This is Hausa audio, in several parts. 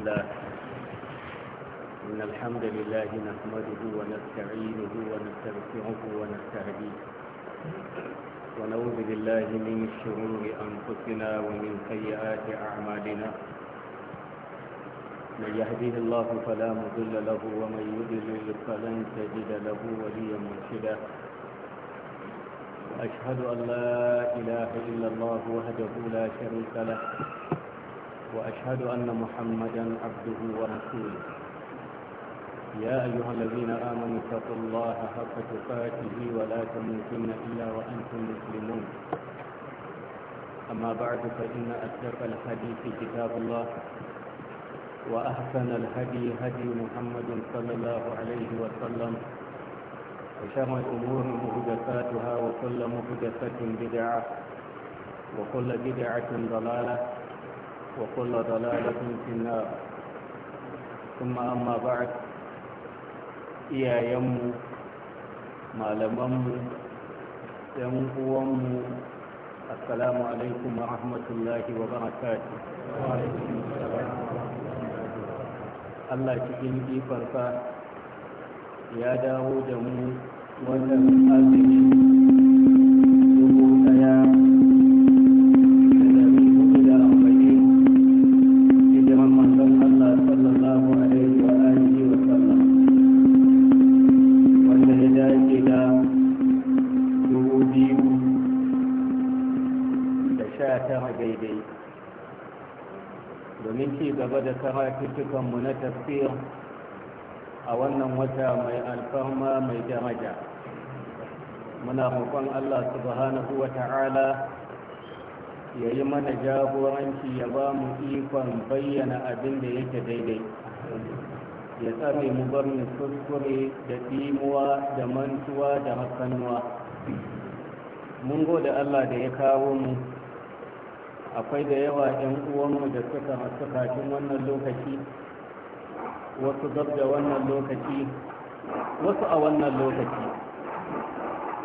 الله إن الحمد لله نحمده ونستعينه ونستغفره ونستهديه ونعوذ بالله من شرور أنفسنا ومن سيئات أعمالنا من يهديه الله فلا مضل له ومن يضلل فلن تجد له وليا مرشدا وأشهد أن لا إله إلا الله وحده لا شريك له وأشهد أن محمدا عبده ورسوله يا أيها الذين آمنوا اتقوا الله حق تقاته ولا تموتن إلا وأنتم مسلمون أما بعد فإن أصدق الحديث كتاب الله وأحسن الهدي هدي محمد صلى الله عليه وسلم وشر الأمور مهدفاتها وكل مهدفة بدعة وكل بدعة ضلالة وكل ضلالة في النار ثم أما بعد إيا يمو ما لممو يمقومو السلام عليكم ورحمة الله وبركاته Allah cikin ifarsa ya dawo da mu wannan azumi mu na tafsir a wannan wata mai alfarma mai daraja muna roƙon Allah subhanahu wa ta'ala ya yi mana jagoranci ya ba mu ikon bayyana abin da yake daidai ya tsare mu barin kuskure da ɗimuwa da mantuwa da hakanuwa mun gode Allah da ya kawo mu akwai da yawa 'yan uwanmu da suka masu kafin wannan lokaci wasu da wannan lokaci wasu a wannan lokaci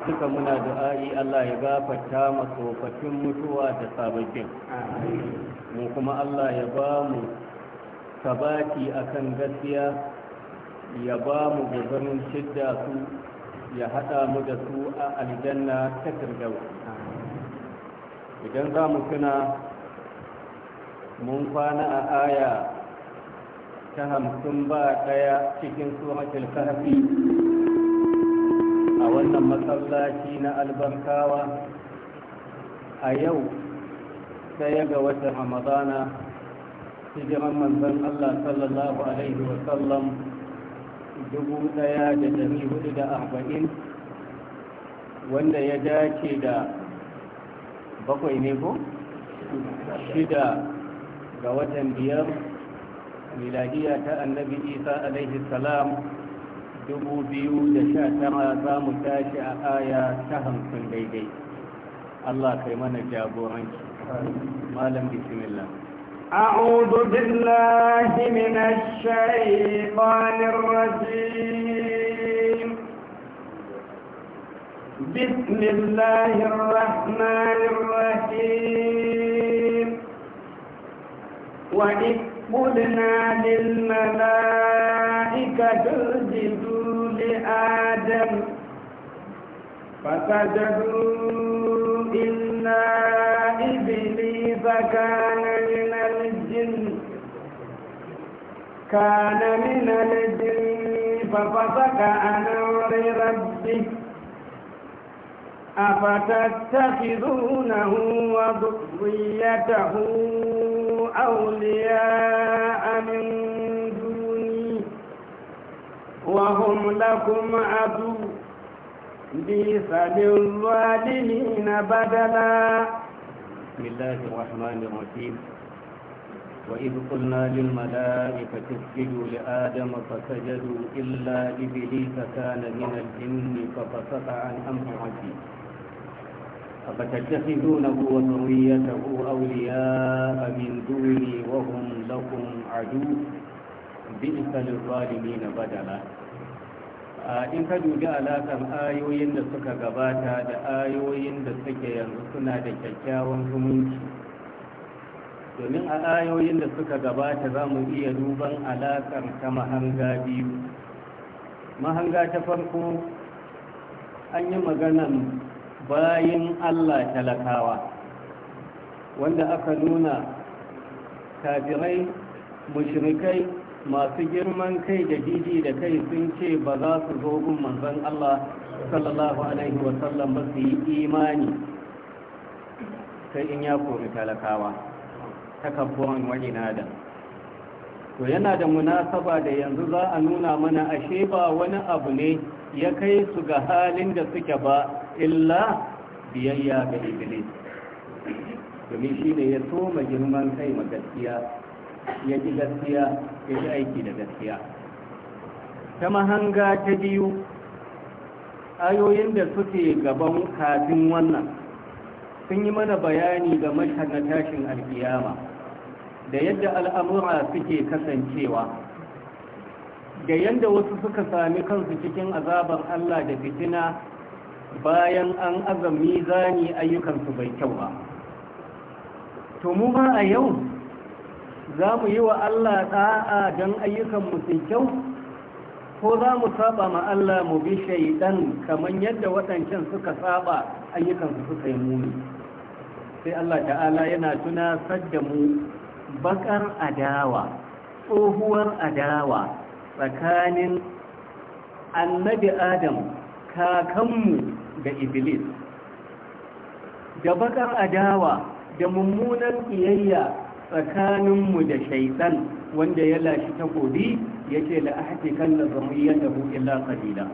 suka muna du'a'i Allah ya gafarta matsofafin mutuwa da sababbin mu kuma Allah ya ba mu sabati kan gaskiya ya ba mu guzurin shidda su ya haɗa mu da su a aljanna ta firdausi idan za mu tuna mun kwana a aya ta hamsin ba ɗaya cikin suratul kafi a wannan masallaci na albarkawa a yau ɗaya ga watan su hijiran manzan allah sallallahu alaihi wasallam dubu ɗaya da dari hudu da arba'in wanda ya dace da bakwai ne ko shida ga watan biyar miladiya ta annabi isa alaihi salam dubu biyu da sha tara za mu tashi a aya ta hamsin daidai allah kai mana jagoranci malam bismillah أعوذ بالله من الشيطان الرجيم بسم الله الرحمن الرحيم وإذ قلنا للملائكة اسجدوا لآدم فسجدوا إلا إبليس كان من الجن كان من الجن ففسق عن أمر ربه أفتتخذونه وذريته أولياء من دوني وهم لكم عدو بئس للظالمين بدلا بسم الله الرحمن الرحيم وإذ قلنا للملائكة اسجدوا لآدم فسجدوا إلا إبليس كان من الجن ففسق عن أمر ربه ففتتخذونه وذريته أولياء من دوني وهم لكم عدو بئس للظالمين بدلا in ka dubi alakan ayoyin da suka gabata da ayoyin da suke yanzu suna da kyakkyawan zumunci domin a ayoyin da suka gabata za mu iya duban alaƙar ta mahanga biyu mahanga ta farko an yi maganan bayin Allah talakawa wanda aka nuna kafirai mushrikai masu girman kai da didi da kai sun ce ba za su zo gun manzon Allah sallallahu alaihi wa sallam ba su yi imani sai in ya kori talakawa takabburan wani nada to yana da munasaba da yanzu za a nuna mana ashe ba wani abu ne ya kai su ga halin da suke ba illa biyayya ga iblis domin shi ne ya ma girman kai ma gaskiya ya ji gaskiya ya ji aiki da gaskiya ta mahanga ta biyu ayoyin da suke gaban kafin wannan sun yi mana bayani ga na tashin alkiyama da yadda al'amura suke kasancewa da yadda wasu suka sami kansu cikin azabar Allah da fitina bayan an aza zani ayyukansu bai kyau ba to mu ba a yau za mu yi wa Allah ɗa'a don ayyukanmu sai kyau ko za mu saba ma Allah mu bi shaidan kamar yadda waɗancan suka saba ayyukansu suka yi muni sai Allah ta'ala yana tunasar da mu bakar adawa tsohuwar adawa tsakanin annabi adam kakanmu da iblis da bakar adawa da mummunan iyayya tsakaninmu da shaitan wanda ya lashi takobi ya ce la'ahati kan na zamiyyar da illa qalila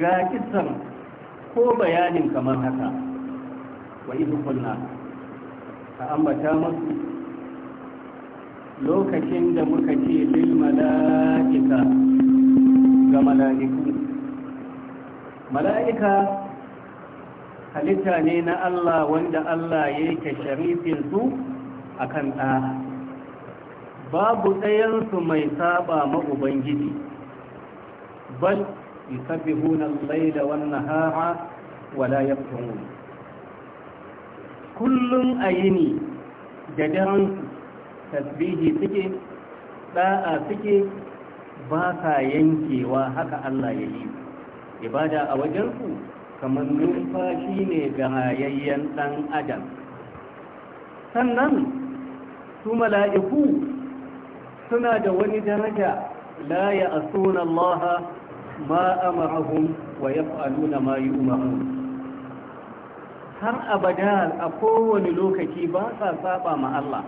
ga kisan ko bayanin kamar haka wa izukunna ka ambata masu lokacin da muka ce lil mala'ika ga mala'ikun mala'ika halitta ne na Allah wanda Allah ya yake sharifinsu a kan ɗa babu ɗayansu mai saba ma'ubangiji bal yusabbi hunan laida wannan hara wala ya kullum a yini da daren tasbihi suke ɗa'a suke ba ka yankewa haka Allah ya yi ibada a wajen su kamar numfashi ne ga hayayyen ɗan adam sannan su mala'iku suna da wani daraja la ya asuna Allah ma amarahum wa yaf'aluna ma har abada a kowane lokaci ba sa saba ma Allah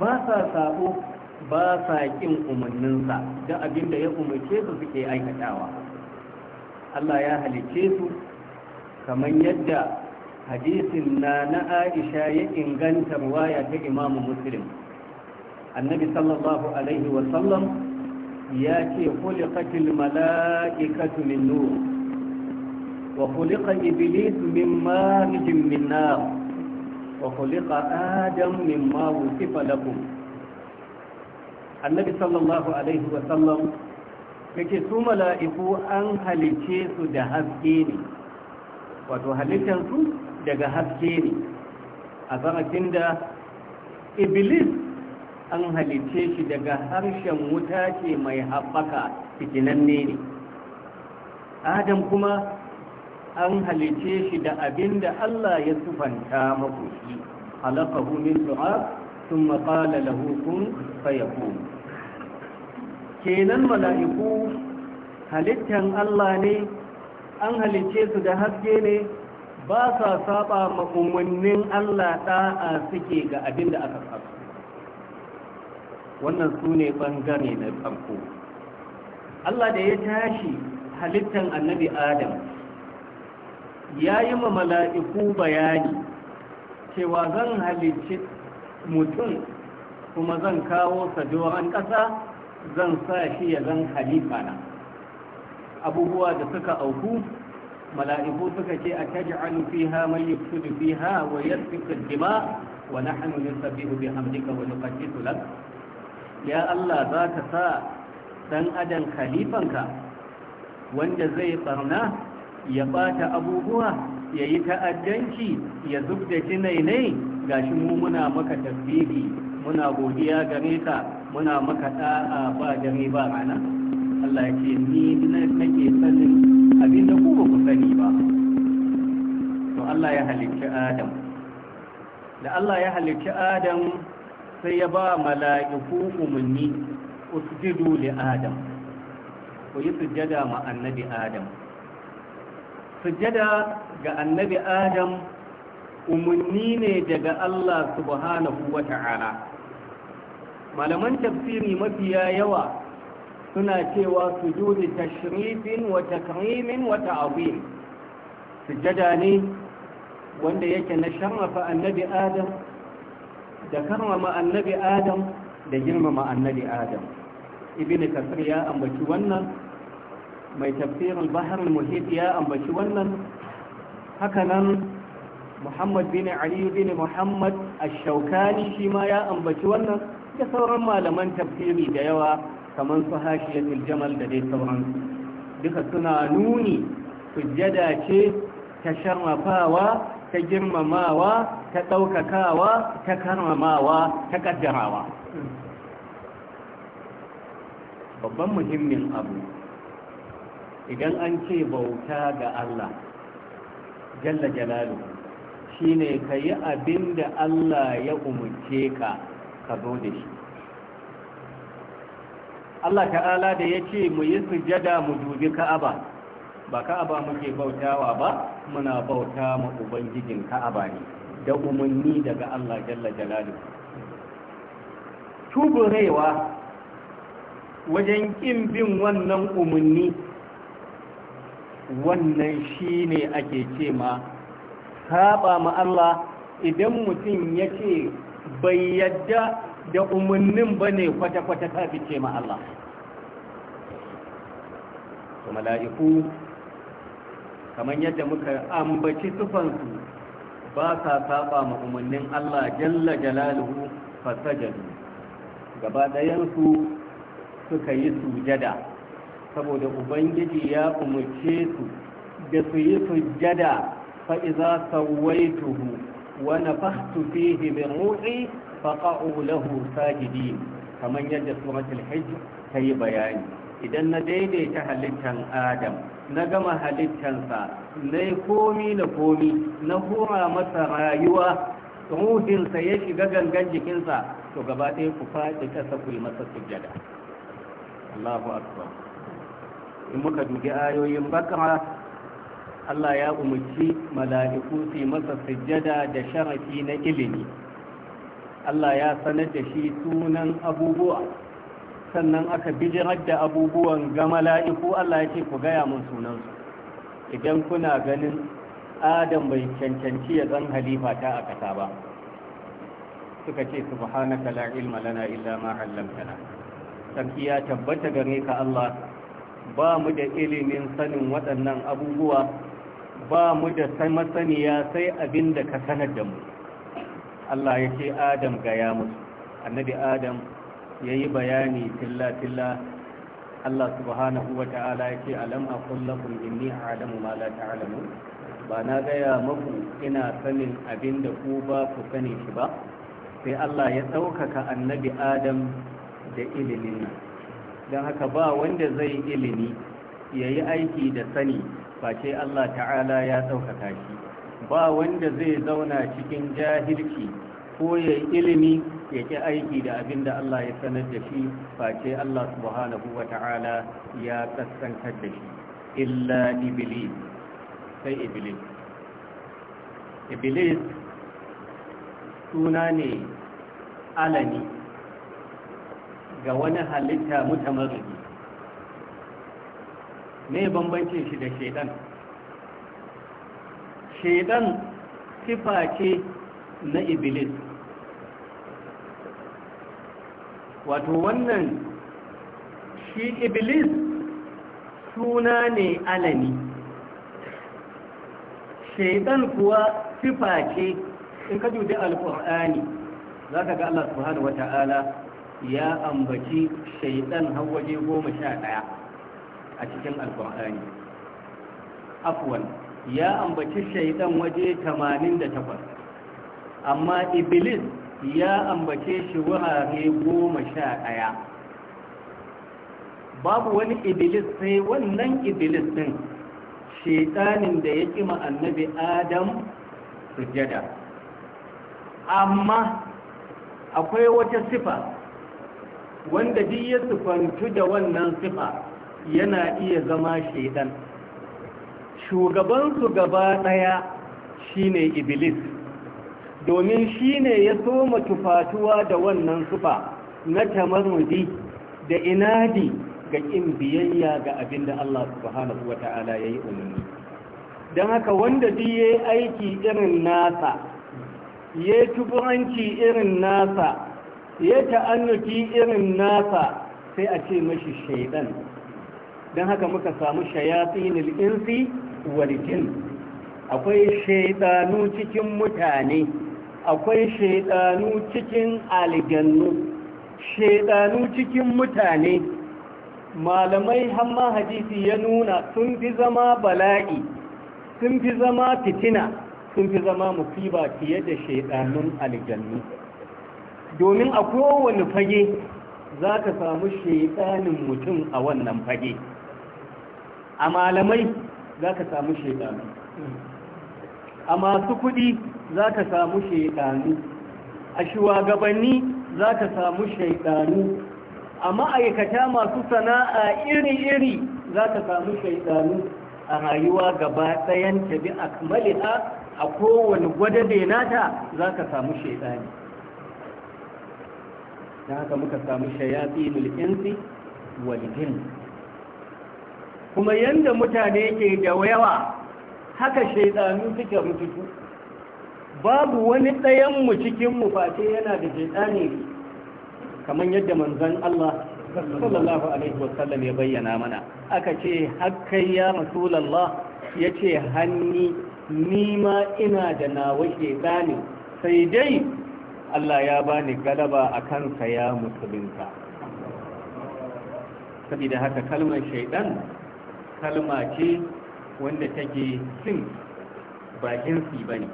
ba sa sabo ba sa ƙin umarninsa da abinda ya umarce su suke aikatawa Allah ya halice su kamar yadda hadisin na na Aisha ya inganta ruwaya ta Imam Muslim annabi sallallahu alaihi wa sallam ya ce khuliqatil mala'ikatu min nur wa khuliqa iblis min marijin min nar wa khuliqa adam mimma wusifa lakum annabi sallallahu alaihi wa sallam yake su mala'iku an halice su da haske ne wato halittarsu daga haske ne a zaratin da iblis an halice shi daga harshen wuta ce mai haɓaka fitinanne ne adam kuma an halice shi da abin da allah ya sufanta maku halakahu min du'a sun maƙala lahukun fayakun kenan mala'iku halittar Allah ne an halicce su da haske ne ba sa saba ma umarnin Allah ɗa'a suke ga abin da aka saba wannan su ne ɓangare na farko Allah da ya tashi halittar annabi Adam ya yi ma mala'iku bayani cewa zan halicci mutum kuma zan kawo sa doron ƙasa zan sa shi ya zan halifa na abubuwa da suka auku mala'iku suka ce a taj'alu fiha man yufsidu fiha wa yasfiku dima wa nahnu nusabbihu bihamdika wa nuqaddisu lak ya Allah za ka sa dan adam khalifanka wanda zai barna ya bata abubuwa ya yi ta'addanci ya zubda Ga shi mu muna maka tasbihi muna godiya gare ka muna maka da'a ba dare ba rana Allah ya ce ni nake sanin abin da ku ba ku sani ba to Allah ya halicci Adam da Allah ya halicci Adam sai ya ba mala'iku umarni usjudu li Adam ku yi sujjada ma annabi Adam sujjada ga annabi Adam umarni ne daga Allah subhanahu wa ta'ala malaman tafsiri mafiya yawa suna cewa sujudi tashrifin wa takrimin wa ta'zim sujada ne wanda yake na sharrafa annabi adam da karrama annabi adam da girmama annabi adam ibn kasir ya ambaci wannan mai tafsirin bahar muhit ya ambaci wannan hakanan muhammad bin ali bin muhammad ashaukani shawkani shi ma ya ambaci wannan da sauran malaman tafsiri da yawa kamar su hashiyatul jamal da dai sauransu duka suna nuni sujjada ce ta sharmafawa ta girmamawa ta ɗaukakawa ta karmamawa ta ƙaddarawa babban muhimmin abu idan an ce bauta ga Allah jalla jalalu shine ka yi abin da Allah ya umarce ka ka zo da shi Allah ta'ala da ya ce mu yi sujada mu dubi ka'aba ba ka'aba muke bautawa ba muna bauta ma ubangijin ka'aba ne da umarni daga Allah jalla jalalu tuburewa wajen ƙin bin wannan umarni wannan shi ne ake ce ma saba ma Allah idan mutum ya ce bai yadda da umarnin ba ne kwata-kwata ta ma Allah su mala'iku kamar yadda muka ambaci tufansu ba sa saba ma umarnin Allah jalla jalaluhu fasajadu gaba ɗayansu suka yi sujada saboda ubangiji ya umarce su da su yi sujada fa'iza sauwaituhu ونفخت فيه من روحي فقعوا له ساجدين kamar yadda suratul hijj tayi bayani idan na daidaita halittan adam na gama halittarsa na yi komi na komi na hura masa rayuwa ruhinsa ya shiga gangan jikinsa to gaba ɗaya ku faɗi ƙasa ku yi masa sujjada Allahu akbar in muka bugi ayoyin bakara Allah ya umarci mala'iku su masa sujjada da sharafi na ilimi Allah ya sanar da shi sunan abubuwa sannan aka bijirar da abubuwan ga mala'iku Allah ya ce ku gaya mun sunansu idan kuna ganin adam bai cancanci ya zan halifa ta a kasa ba suka ce subhanaka la ilma lana illa ma hallamtana. sarki ya tabbata gare ka Allah ba mu da ilimin sanin waɗannan abubuwa ba mu da masaniya sai abin da ka sanar da mu Allah ya ce adam gaya musu annabi adam ya yi bayani tilla-tilla Allah subhanahu wa ta'ala ya ce alam a kullakun inni Adamu ma la ta'alamu ba na gaya maku ina sanin abinda ku ba ku sani shi ba sai Allah ya ɗaukaka annabi adam da ilimin nan don haka ba wanda zai ilimi ya yi aiki da sani face Allah ta'ala ya tsaukaka shi ba wanda zai zauna cikin jahilci ko ya yi ilimi ya ƙi aiki da abin da Allah ya sanar da shi face Allah subhanahu wa ta'ala ya kaskantar da shi illa iblis sai iblis iblis suna ne alani ga wani halitta mutamarri me bambancin shi da shaidan shaidan sifa ce na iblis wato wannan shi iblis suna ne alani shaidan kuwa sifa ce in ka jude alkur'ani za ka ga Allah subhanahu wa ta'ala ya ambaci shaidan hawaje goma sha ɗaya a cikin alkur'ani afwan ya ambaci shaidan waje 88 amma iblis ya ambace shi wurare 11 babu wani iblis sai wannan iblis din shaidanin da ya kima annabi adam sujada amma akwai wata sifa wanda duk ya sufantu da wannan sifa yana iya zama shaidan shugabansu gaba ɗaya shine iblis domin shine ya soma tufatuwa da wannan sufa na tamarudi da inadi ga ƙin biyayya ga abinda Allah subhanahu wa ta'ala ya yi umarni don haka wanda duk ya aiki irin nasa ya tuburanci irin nasa ya ta'annuki irin nasa sai a ce mashi shaidan don haka muka samu shayatinil insi wal jin akwai shaidanu cikin mutane akwai shaidanu cikin aljannu shaidanu cikin mutane malamai hamma hadisi ya nuna sun fi zama bala'i sun fi zama fitina sun fi zama musiba fiye da shaidanun aljannu domin a kowane fage za ka samu shaidanin mutum a wannan fage a malamai za ka samu shaidanu a masu kuɗi za ka samu shaidanu a shugabanni za ka samu shaidanu a ma'aikata masu sana'a iri-iri za ka samu shaidanu a rayuwa gaba ɗayan tabi a kamali'a a kowane gwada denata za ka samu shaidani ta haka muka samu shayafi mulkinsi waljin kuma yanda mutane ke da yawa haka shaidanu suke mututu babu wani ɗayan mu cikin mu face yana da shaidani kamar yadda manzon Allah sallallahu alaihi wasallam ya bayyana mana aka ce hakkai ya rasulullah yace hanni nima ina da nawa shaidani sai dai Allah ya bani galaba a kansa ya musulunta Sabida haka kalmar shaidan kalma ce wanda take sin ba jinsi ba ne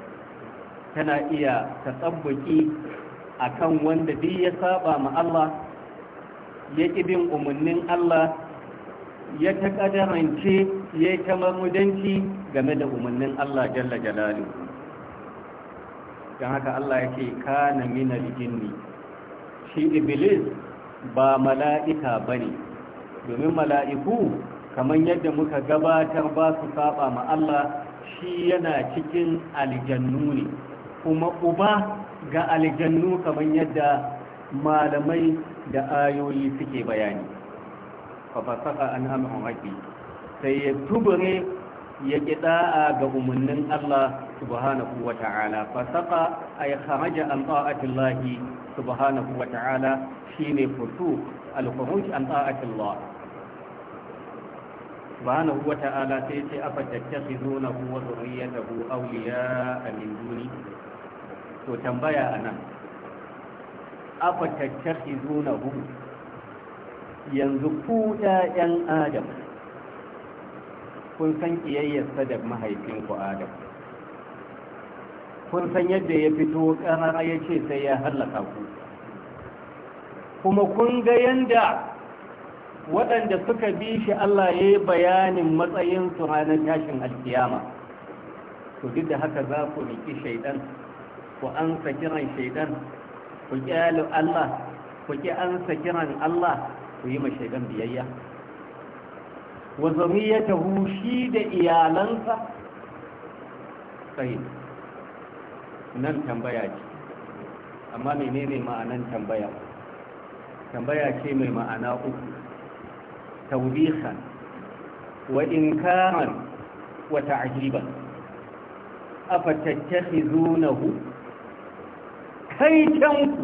tana iya ta tsabbaki a kan wanda duk ya saba ma Allah ya bin umarnin Allah ya ta ƙadarance ya yi ta mamudanci game da umarnin Allah jalla jalalu don haka Allah ya ce kana minal jinni shi iblis ba mala'ika ba ne domin mala'iku kamar yadda muka gabatar ba su saba ma Allah shi yana cikin aljannu ne kuma uba ga aljannu kamar yadda malamai da ayoyi suke bayani fafasaka an hamin haƙi sai ya tubure ya ƙida'a ga umarnin Allah subhanahu wa ta'ala fasaka ay kharaja an ta'atillahi subhanahu wa ta'ala shine fusu al-khuruj an ta'atillah subhanahu wa ta'ala sai ce afa tattakhizunahu wa dhurriyyatahu awliya'a min duni to tambaya anan na tattakhizunahu yanzu ku yan adam kun san kiyayyarsa da mahaifinku adam kun san yadda ya fito ƙarara ya ce sai ya hallaka ku kuma kun ga yanda waɗanda suka bi shi Allah ya yi bayanin matsayinsu ranar tashin alkiyama to duk da haka za ku riki shaidan ku ansa kiran shaidan ku kyale Allah ku ki ansa kiran Allah ku yi ma shaidan biyayya wa zamiyatahu shi da iyalansa sai nan tambaya ce amma menene ma'anan tambaya tambaya ce mai ma'ana uku توبيخا وإنكارا وتعجيبا أفتتخذونه كيتنكو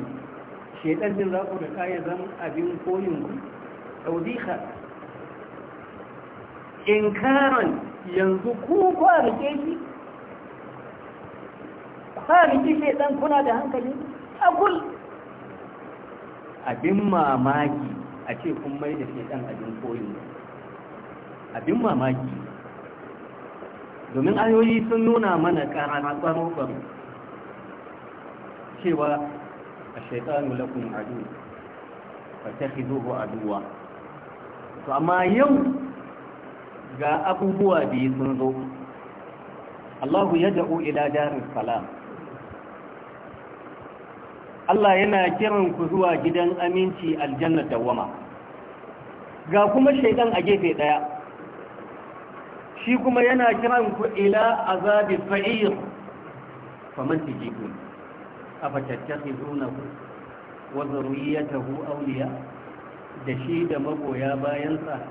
شيطان ذي الله قد قايزا أبين قوينكو توبيخا إنكارا ينزقوك أرجيكي خارجي شيطان كنا دهانك أقول abin mamaki a ce kun mai da shaidan abin koyi abin mamaki domin ayoyi sun nuna mana ƙarara tsaro-tsaro cewa a shaitanu lakun adu ba ta hizuhu aduwa to amma yau ga abubuwa biyu sun zo Allahu ya da'u ila darin salam Allah yana kiran ku zuwa gidan aminci aljanna dawama ga kuma shaidan a gefe daya shi kuma yana kiran ku ila azabi sa'ir faman tajibun afatattakhizunahu wa dhurriyyatahu awliya da shi da magoya bayansa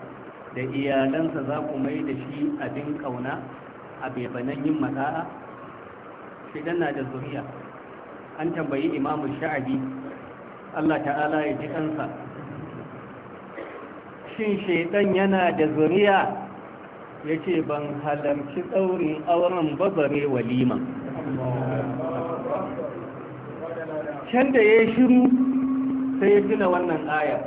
da iyalansa za ku mai da shi abin kauna a bebanan yin mata'a shi na da zuriya an tambayi imamu sha'abi Allah ta'ala ya ji kansa shin shaidan yana da zuriya ya ce ban halarci tsaurin auren babare walima can da ya shiru sai ya tuna wannan aya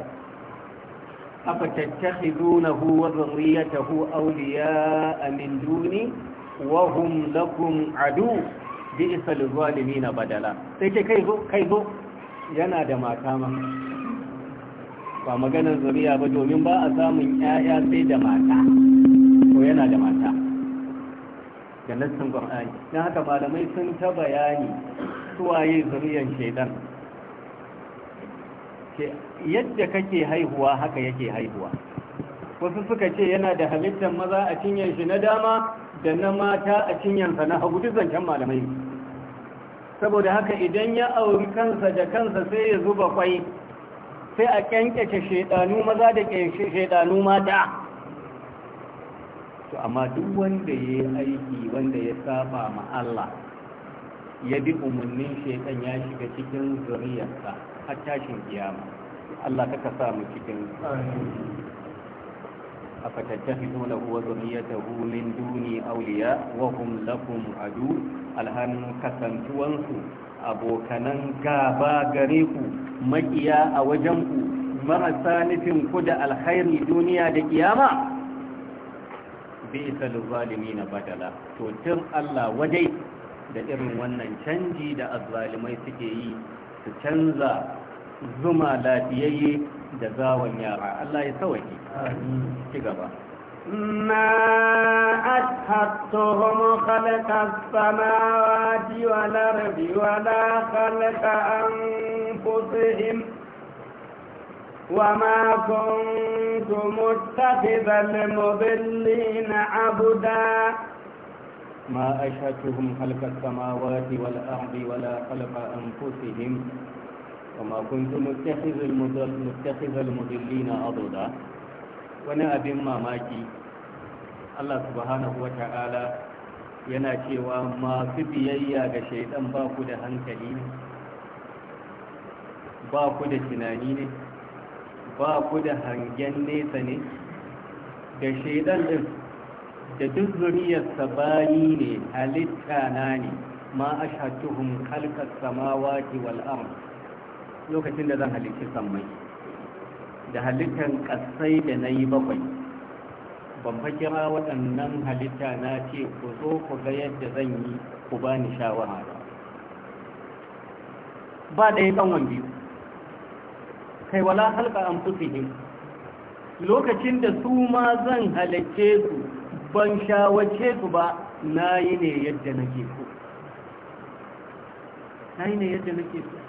afa tattakhidunahu wa dhurriyyatahu awliya'a min duni wa hum lakum adu bi isa na badala sai ce kai zo kai zo yana da mata ma ba maganar zuriya ba domin ba a samun yaya sai da mata ko yana da mata da nassin qur'ani dan haka malamai sun ta bayani suwaye zuriyan shaidan yadda kake haihuwa haka yake haihuwa wasu suka ce yana da halittar maza a cinyar shi na dama da na mata a cinyansa na hagu duk zancen malamai saboda haka idan ya auri kansa da kansa sai ya zuba kwai sai a kyankyace shaidanu maza da shaidanu mata to amma duk wanda ya yi aiki wanda ya saba ma Allah ya bi umarnin shaidan ya shiga cikin zuriyarsa har tashin kiyama Allah ka ka sa mu cikin أفتتخذونه وذريته من دوني أولياء وهم لكم عدو الهن كسنتوانكو abokanan gaba gare ku makiya a wajen ku marasa nufin ku da alkhairi duniya da kiyama bi isal zalimin badala to tun Allah wadai da irin wannan canji da azzalimai suke yi su canza zuma lafiyayye da zawon yara Allah ya sauke ci gaba ما أشهدتهم خلق السماوات والأرض ولا خلق أنفسهم وما كنت متخذ المضلين عبدا ما أشهدتهم خلق السماوات والأرض ولا خلق أنفسهم kuma kuntu mustakhizal mudillina adada wani abin mamaki Allah subhanahu wa ta'ala yana cewa masu biyayya ga shaidan ba ku da hankali ne ba ku da tunani ne ba ku da hangen nesa ne da shaidan din da duk zuriyarsa bayi ne halitta na ne ma a ashatuhum khalqas samawa wal wal'amur lokacin da zan halitti sammai da halittar ƙasai da na yi bakwai ban fakira waɗannan halitta na ce ku zo ku ga yadda zan yi ku ba ni shawara ba ɗaya ɗanwan biyu kai wala halka an fusihim lokacin da su ma zan halicce su ban shawace su ba na yi ne yadda nake so na yi ne yadda nake so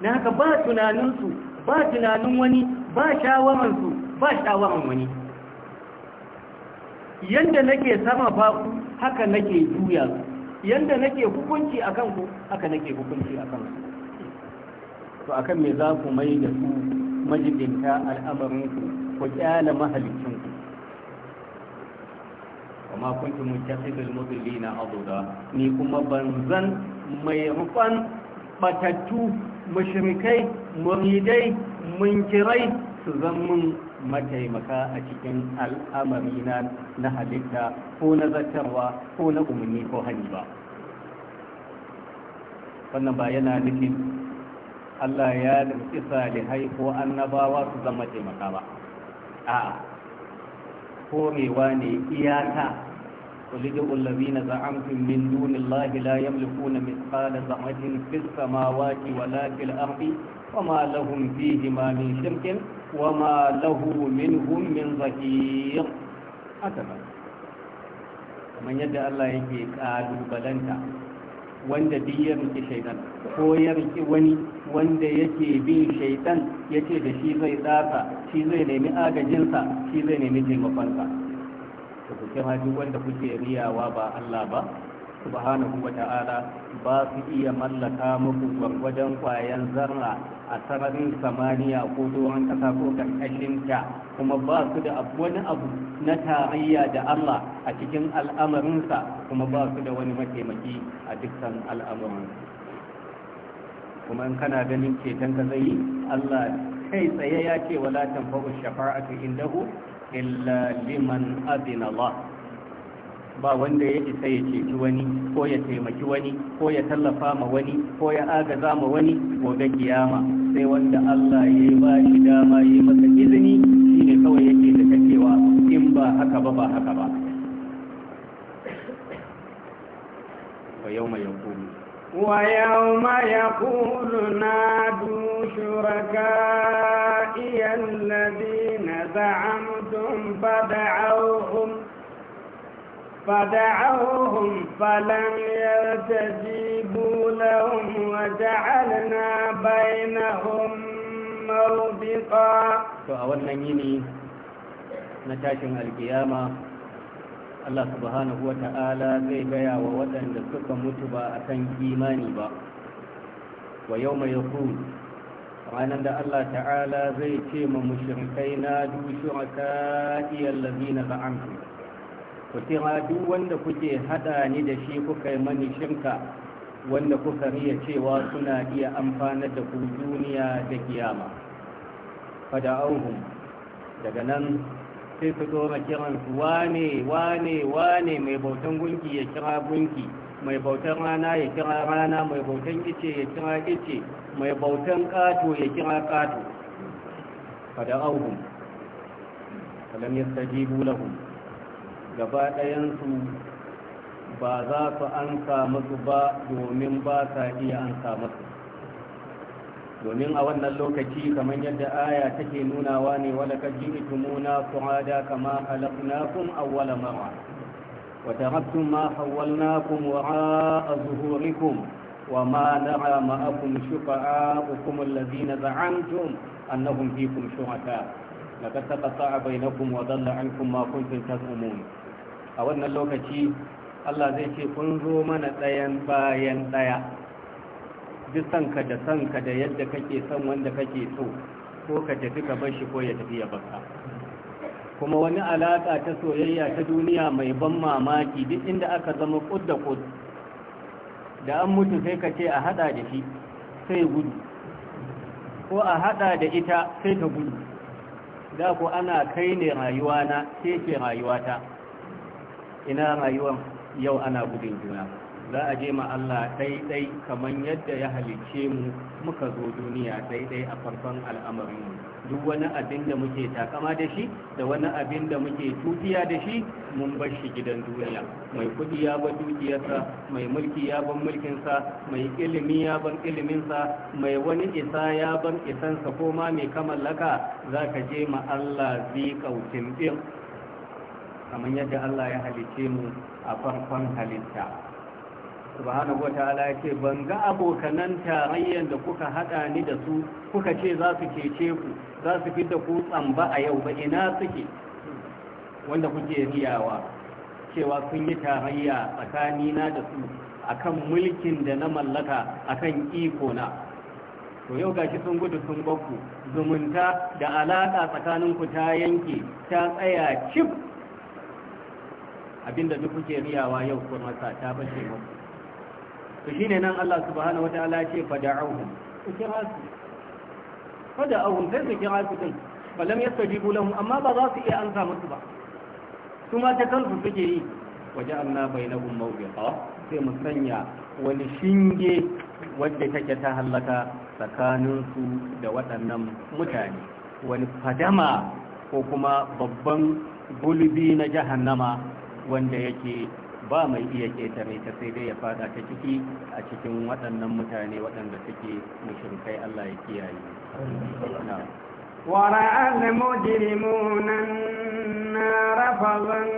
na haka ba tunaninsu ba tunanin wani ba shawararsu ba shawaran wani yanda nake sama ba ku haka nake juya su yanda nake hukunci a kanku haka nake hukunci a kansu to akan me za ku mai da su majibinta al'amarinku ku kyala mahalicinku amma kuntu mutaqidul mudillina aduda ni kuma banzan mai rufan batattu mushrikai muridai munkirai su zammun mataimaka a cikin al'amari na halitta ko na zartarwa ko na umarni ko hani ba wannan ba yana nufin Allah ya nufi salihai ko annabawa su zama taimaka ba a korewa ne iyaka قل ادعوا الذين زعمتم من دون الله لا يملكون مثقال ذرة في السماوات ولا في الأرض وما لهم فيهما من شرك وما له منهم من ظهير هكذا من يدعى الله يجي قالوا بلنتا wanda duk ya rike shaidan ko ya rike wani wanda yake bin shaidan yake da shi zai tsasa shi zai nemi agajinsa shi zai nemi taimakonsa ku kira duk wanda kuke riyawa ba Allah ba subhanahu wa ta'ala ba su iya mallaka muku gwargwadon kwayan zarra a sararin samaniya ko doron kasa ko ta kuma ba su da wani abu na tarayya da Allah a cikin al'amarinsa kuma ba su da wani mataimaki a dukkan al'amarin kuma in kana ganin ceton ka zai Allah kai tsaye ya ce wala tanfa'u shafa'atu indahu illa liman adina Allah ba wanda ya isa ya ceci wani ko ya taimaki wani ko ya tallafa ma wani ko ya agaza ma wani gobe kiyama sai wanda Allah ya ba shi dama yi masa izini shine kawai yake da kacewa in ba haka ba ba haka ba wa yau mai ويوم يقول نادوا شركائي الذين زعمتم فدعوهم فدعوهم فلم يستجيبوا لهم وجعلنا بينهم موبقا فأولنا يني نتاشم القيامة Allah subhanahu wata'ala zai gaya wa waɗanda suka mutu ba a kan imani ba wa yau mai ranar da Allah ta'ala zai ce ma mushrikai na dushu a ka'iyar labina ba amfi ku tira duk wanda kuke haɗa ni da shi kuka yi mani shirka wanda kuka riya cewa suna iya amfanar da ku duniya da kiyama fada'auhum daga nan sai su zo kiran kiransu wane wane wane mai bautan gunki ya kira gunki mai bautan rana ya kira rana mai bautan ice ya kira ice mai bautan kato ya kira kato fada auhum ya yastajibu lahum gaba ɗayansu ba za su ansa musu ba domin ba sa iya ansa musu domin a wannan lokaci kamar yadda aya take nunawa ne wala kad ji'tumuna su'ada kama kun awwala mara. wa taraktum ma kun wara a zuhurikun wa ma nara ma'akum shufa'akum alladhina za'amtum annahum fikum shuraka laqad taqatta'a bainakum wa dhalla kun ma kuntum tazumun a wannan lokaci Allah zai ce kun zo mana ɗayan bayan ɗaya duk ka da sanka da yadda kake son wanda kake so ko ka tafi ka bar shi ko ya tafi ya baka kuma wani alaƙa ta soyayya ta duniya mai ban mamaki duk inda aka zama kud da kud da an mutu sai ka ce a hada da shi sai gudu ko a hada da ita sai ta gudu da ku ana kai ne rayuwana na ke ke rayuwata ina rayuwan yau ana gudun juna za a je ma Allah daidai kamar yadda ya halice mu muka zo duniya daidai a farkon al'amarin duk wani abin da muke takama da shi da wani abin da muke tufiya da shi mun bar shi gidan duniya mai kudi ya bar dukiyarsa mai mulki ya bar mulkinsa mai ilimi ya bar iliminsa mai wani isa ya bar isansa ko ma mai kamallaka za ka je ma Allah zikautin ɗin? kamar yadda Allah ya halice mu a farkon halitta subhanahu ta'ala yake ban ga abokanan tarayyan da kuka hada ni da su kuka ce za su cece ku za su fita ku tsamba a yau ba ina suke wanda kuke riyawa cewa kun yi tarayya tsakani na da su akan mulkin da na mallaka akan iko na to yau gashi sun gudu sun bakku zumunta da alaka tsakanin ku ta yanke ta tsaya cif abinda duk kuke riyawa yau kuma ta bace muku to shine nan Allah subhanahu wataala ya ce fada'uhum su kira su fada'uhum sai su kira su din falam yastajibu lahum amma ba za su iya ansa musu ba su ma ta kansu suke yi waja'alna bainahum mawbiqa sai mu sanya wani shinge wanda take ta tsakanin tsakaninsu da waɗannan mutane wani fadama ko kuma babban gulbi na jahannama wanda yake ba mai iya keta mai ta sai dai ya fada ta ciki a cikin waɗannan mutane waɗanda suke mushrikai Allah ya kiyaye wara an da mujrimunan na rafazan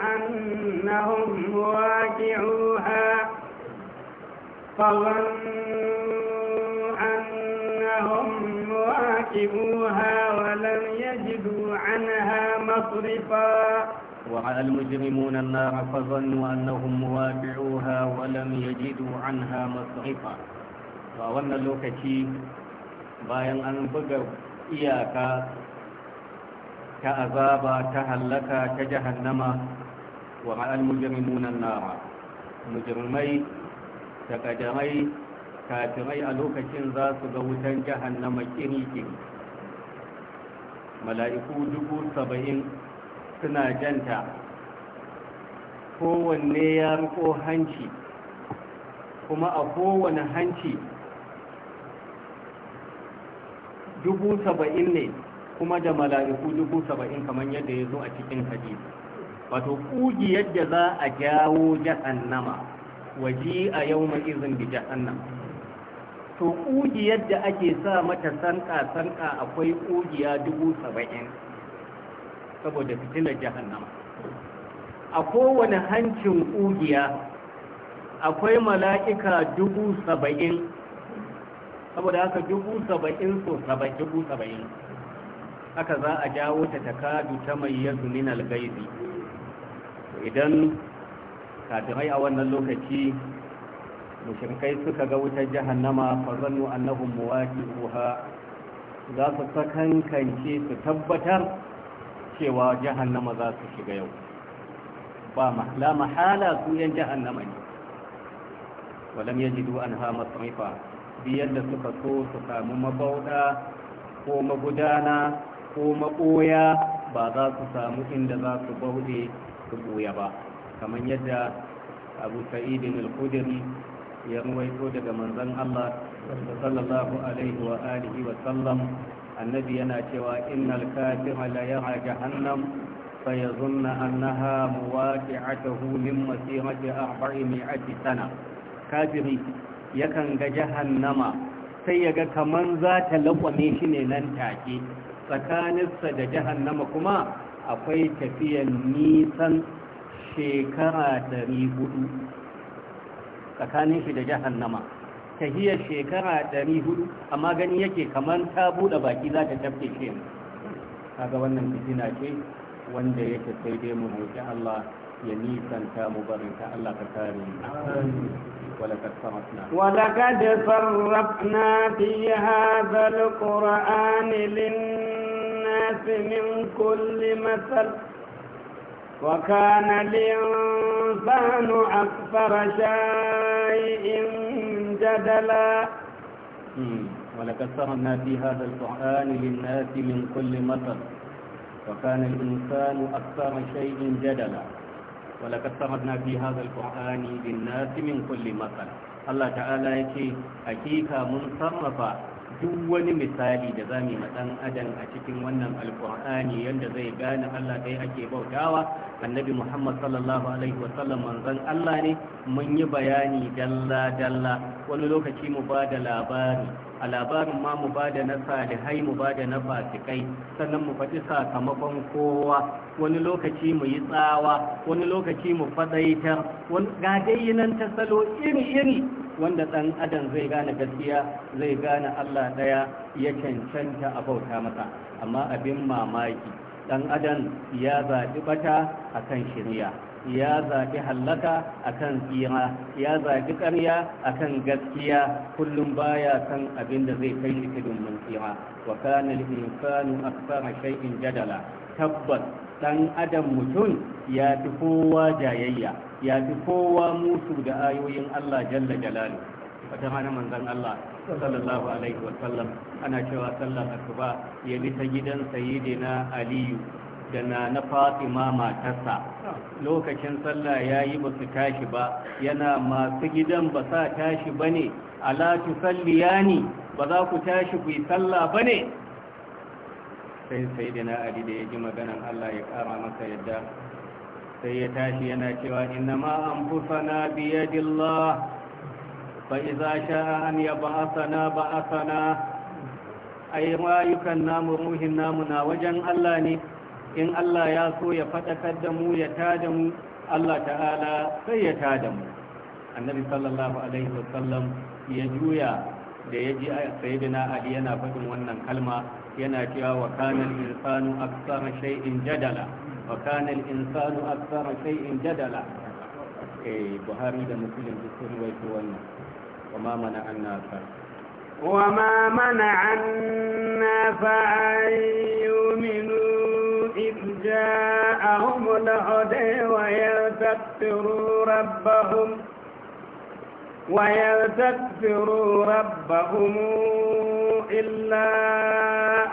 annahum waqi'uha fawan annahum waqi'uha wa lam yajidu anha masrifa وعلى المجرمون النار فظنوا أنهم مواقعوها ولم يجدوا عنها مصرفا وأولنا لوكتي bayan an buga iyaka ta azaba ta hallaka ta jahannama wa ra'al mujrimuna nara mujrimai takadamai kafirai a lokacin za su ga wutan jahannama kiri kiri mala'iku dubu saba'in suna janta kowanne ya riko hanci kuma a kowane hanci dubu saba'in ne kuma da mala'iku dubu saba'in kamar yadda ya zo a cikin hadisi wato kugi yadda za a jawo jahannama waje a yau mai izin bi jahannama to kugi yadda ake sa mata sanka sanka akwai kugiya dubu saba'in saboda fitilar jahannama a kowane hancin ƙugiya akwai mala'ika dubu saba'in saboda haka dubu saba'in so saba'in dubu saba'in haka za a jawo ta takadu ta mai yanzu min algaibi idan kafirai a wannan lokaci mushrikai suka ga wutar jahannama farzannu annahum muwaqi'uha za su sakankance su tabbatar cewa jahannama za su shiga yau ba la mahala su yan jahannama ne walam yajidu anha masrifa biyar da suka so su samu mabauda ko magudana ko maboya ba za su samu inda za su bauɗe su boya ba kamar yadda abu bin al-khudri ya ruwaito daga manzon Allah sallallahu alaihi wa alihi wa sallam annabi yana cewa innal kafira la yara jahannam fa yazunna annaha muwaqi'atuhu min masirati arba'in mi'ati sana kafiri yakan ga jahannama sai yaga kaman za ta lakwame shi ne nan take tsakaninsa da jahannama kuma akwai tafiyan nisan shekara 400 tsakanin shi da jahannama ta tahiyar shekara 400 amma gani yake kamar ta buɗe baki za ta tafke shi kaga wannan fitina ce wanda yake sai dai mu roƙi Allah ya nisanta mu bari ta Allah ka kare mu ولقد صرفنا ولقد صرفنا في هذا القرآن للناس من كل مثل وكان الإنسان أكثر شيء جدلا ولقد سرنا في هذا القرآن للناس من كل مطر وكان الإنسان أكثر شيء جدلا ولقد سرنا في هذا القرآن للناس من كل مطر الله تعالى يكي حقيقة من صرفا duk wani misali da za mu dan adam a cikin wannan alkur'ani yadda zai gane Allah ɗaya ake bautawa annabi Muhammad sallallahu alaihi wa sallam manzon Allah ne mun yi bayani dalla dalla wani lokaci mu ba da labari a labarin ma mu ba da na salihai mu ba da na fasikai sannan mu faɗi sakamakon kowa wani lokaci mu yi tsawa wani lokaci mu faɗaitar wani gadayyanan ta salo iri iri wanda ɗan adam zai gane gaskiya zai gane Allah ɗaya ya cancanta a bauta masa amma abin mamaki ɗan adam ya zaɓi bata a kan shirya ya zaɓi hallaka a kan tsira ya zaɓi ƙarya a kan gaskiya kullum baya kan abin da zai kai shi domin tsira wa kana al-insanu akthara shay'in jadala tabbas ɗan adam mutum ya fi kowa jayayya ya fi kowa mutu da ayoyin Allah jalla jalalu wata hana manzan Allah sallallahu alaihi wasallam ana cewa sallar asuba ya bi ta gidan sayyidina aliyu da na na fatima matarsa lokacin sallah ya yi ba su tashi ba yana masu gidan ba sa tashi ba ne ala ni, ba za ku tashi ku yi sallah ba ne sai sayyidina ali da ya ji maganan Allah ya kara masa yadda sai ya tashi yana cewa inna ma anfusana bi yadillah fa idza sha'a an ya yab'athana A yi rayukan namu ruhin namu na wajen Allah ne in Allah ya so ya fadakar da mu ya tada mu Allah ta'ala sai ya tada mu annabi sallallahu alaihi wasallam ya juya da ya ji sayyidina ali yana faɗin wannan kalma yana cewa wa kana al-insanu aktsara shay'in jadala وكان الإنسان أكثر شيء جدلا أي بهاري ده مسلم في السر وما منع الناس وما منع الناس أن يؤمنوا إذ جاءهم الهدى ويستكبروا ربهم ويستكبروا ربهم إلا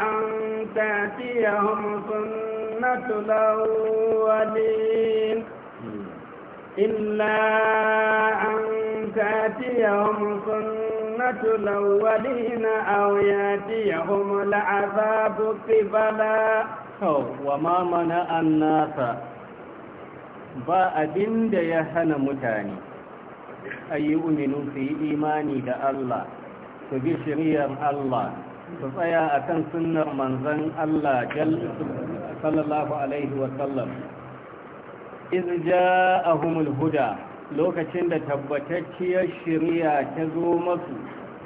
أن تأتيهم سنة سنة الأولين إلا أن تأتيهم سنة الأولين أو يأتيهم العذاب قبلا وما منع الناس ba abin da ya hana mutane ayyuminu su yi imani da Allah su bi shiriyar Allah su tsaya a kan sunnar manzan Allah صلى الله عليه وسلم إذ جاءهم lokacin da tabbatacciyar shirya ta zo masu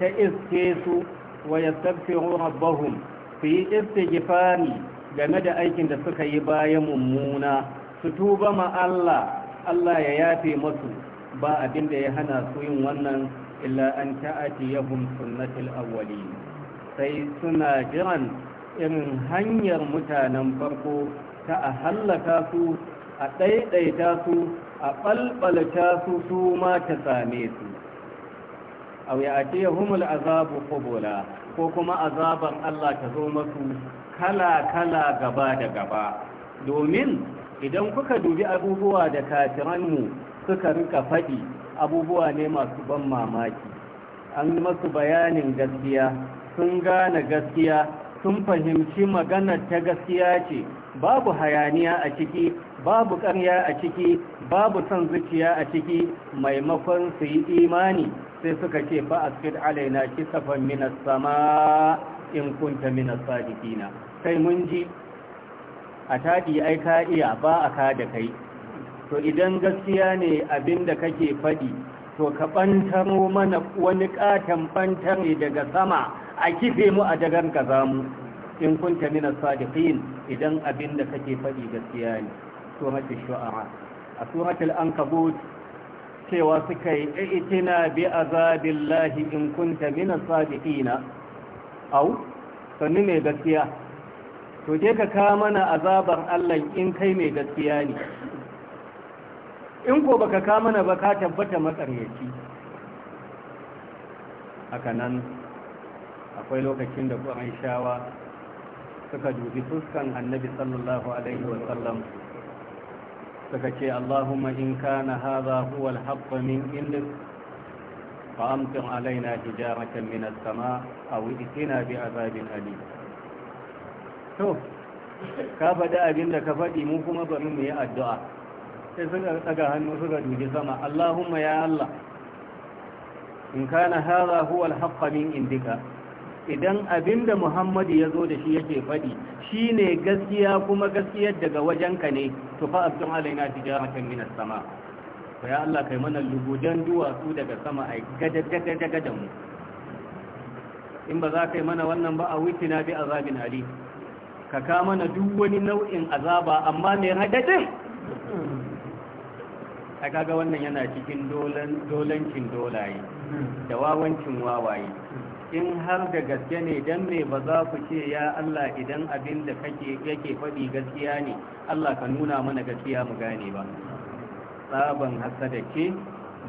ta iske su wa ya sabfiru rabbahum su yi istighfari game da aikin da suka yi bayan mummuna su tuba ma Allah Allah ya yafe masu ba abinda ya hana su yin wannan illa an ta'ati yahum sunnatul awwalin sai suna jiran irin hanyar mutanen farko ta a hallaka su a ɗaiɗaita su a ɓalɓalta su su ma ta same su a wuya ce humul azabu kubula ko kuma azaban Allah ta zo masu kala-kala gaba da gaba domin idan kuka dubi abubuwa da kafiranmu suka rika faɗi abubuwa ne masu ban mamaki an yi masu bayanin gaskiya sun gane gaskiya sun fahimci maganar ta gaskiya ce babu hayaniya a ciki babu ƙarya a ciki babu son zuciya a ciki maimakon su yi imani sai suka ce fa asfid alaina kisafan minas sama in kunta minas sadiqina sai mun ji a taɗi ai ka iya ba a ka da kai to idan gaskiya ne abin da kake faɗi to ka ɓantaro mana wani ƙaton ɓantare daga sama a kife mu a dagan za mu in kunta min as-sadiqin idan abin da kake faɗi gaskiya ne suratul shu'ara a suratul ankabut cewa suka yi itina bi azabillahi in kunta min as-sadiqin au sannu mai gaskiya to je ka ka mana azabar Allah in kai mai gaskiya ne in ko baka ka mana ba ka tabbata matsaryaci haka nan akwai lokacin da shawa suka dubi fuskan annabi sallallahu alaihi wasallam suka ce allahumma in kana hadha huwa al-haqq min indik فأمطر علينا حجارة من السماء أو ائتنا بعذاب أليم to ka faɗi abin da ka faɗi mu kuma bari mu yi addu'a sai suka daga hannu suka dubi sama Allahumma ya Allah in kana hadha huwa al-haqq min indika idan abinda muhammadu ya zo da shi yake faɗi shi ne gaskiya kuma gaskiyar daga wajenka ne to fa abdun a tijaratan minas sama to ya Allah kai mana lugudan duwatsu daga sama a gada gada mu in ba za ka yi mana wannan ba a wikina bi azabin ali ka ka mana duk wani nau'in azaba amma mai hadadin a kaga wannan yana cikin dolancin dolaye da wawancin wawaye in har da gaske ne dan me ba za ku ce ya Allah idan abin da kake yake faɗi gaskiya ne Allah ka nuna mana gaskiya mu gane ba tsaban hasada